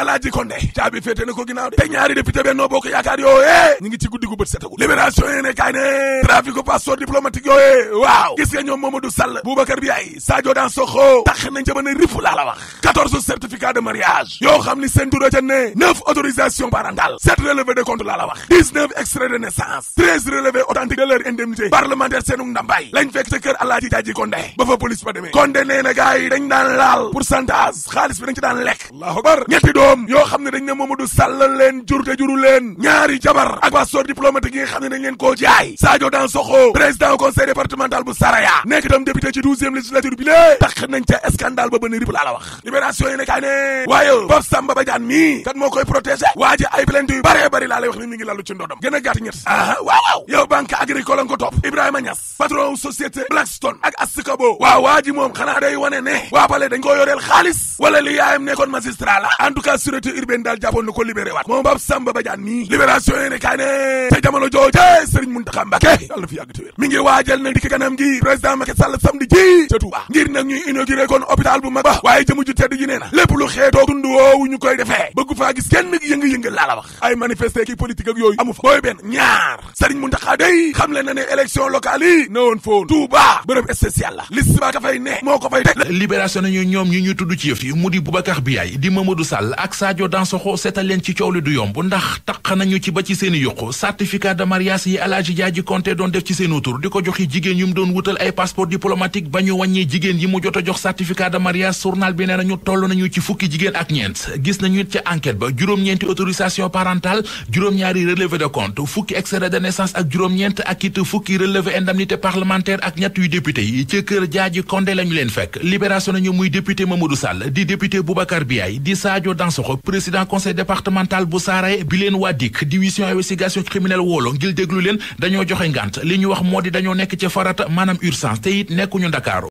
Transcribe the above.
alaaji Konde caabi féete na ko ginnaaw de te ñaari député Benno Bokk Yaakaar yooyee ñu ngi ci guddi gu bët setagu libération yéene kaay ne trafic passeport diplomatique yooyee waaw gis nga ñoom Mamadou Sall Boubacar Biaye Sadio Dansokho tax nañ ca mën a rifu laa la wax quatorze certificats de mariage yoo xam ni seen tur ca ne neuf autorisations parentales de compte laa la wax dix neuf de naissance treize relevés authentiques de leur indemnité parlementaire juróom yoo xam ne dañ ne Mamadou Sall leen jur te juru leen ñaari jabar ak passeport diplomatique yi xam ne dañ leen koo jaay Sadio Dansokho président conseil départemental bu Saraya nekk tam député ci douzième législature bi tax nañ ca scandale ba bëna rip laa la wax libération yi ne kaay ne waaye Pape Samba Badiane kat moo koy protégé waa ji ay plainte yu bëree bëri laa lay wax ni mi ngi lalu ci ndodom gën a gàtt ñett ah waaw waaw yow banque agricole nga la sûreté urbaine daal jàppoon na ko libéré waat moom Pape Samba Badiane nii ne te jamono jooje Serigne Mountakha Mbacké yàlla fi yàgg waajal na dikki kanam gi président Macky Sall samedi ji ca Touba ngir nag ñuy inauguré kon hôpital bu mag ba waaye jëmu ju tedd ji nee na lépp lu xeetoo dund woowu ñu koy defee bëgg faa gis kenn yënga-yënga laa la wax ay manifesté ki politique ak yooyu amu fa booy benn ñaar Serigne Mountakha day xam le na ne élection locale na woon foon Touba ci yëf yi mu di Boubacar Biaye di ak Sadio Dansokho seetal leen ci coow li du yomb ndax taq nañu ci ba ci seeni yuqu certificat de mariage yi Alaaji Jaaji Konte doon def ci seenu tur di ko joxi jigéen yu mu doon wutal ay passeport diplomatique ba ñu wàññee jigéen yi mu jot a jox certificat de mariage journal bi nee nañu toll nañu ci fukki jigéen ak ñeent gis nañu it ca enquête ba juróom-ñeenti autorisation parentale juróom-ñaari relevé de compte fukki extrait de naissance ak juróom-ñeent ak it fukki relevé indemnité parlementaire ak ñett yu député yi ca kër Konte lañu leen fekk libération nañu muy député Mamadou Sall di député Boubacar Biaye di Sadio Sansoxo président conseil départemental bu Saaray bi leen waa DIC division investigation criminelle woolo ngir déglu leen dañoo joxe ngànt li ñu wax moo di dañoo nekk ci farata maanaam urgence te nekkuñu Ndakaaru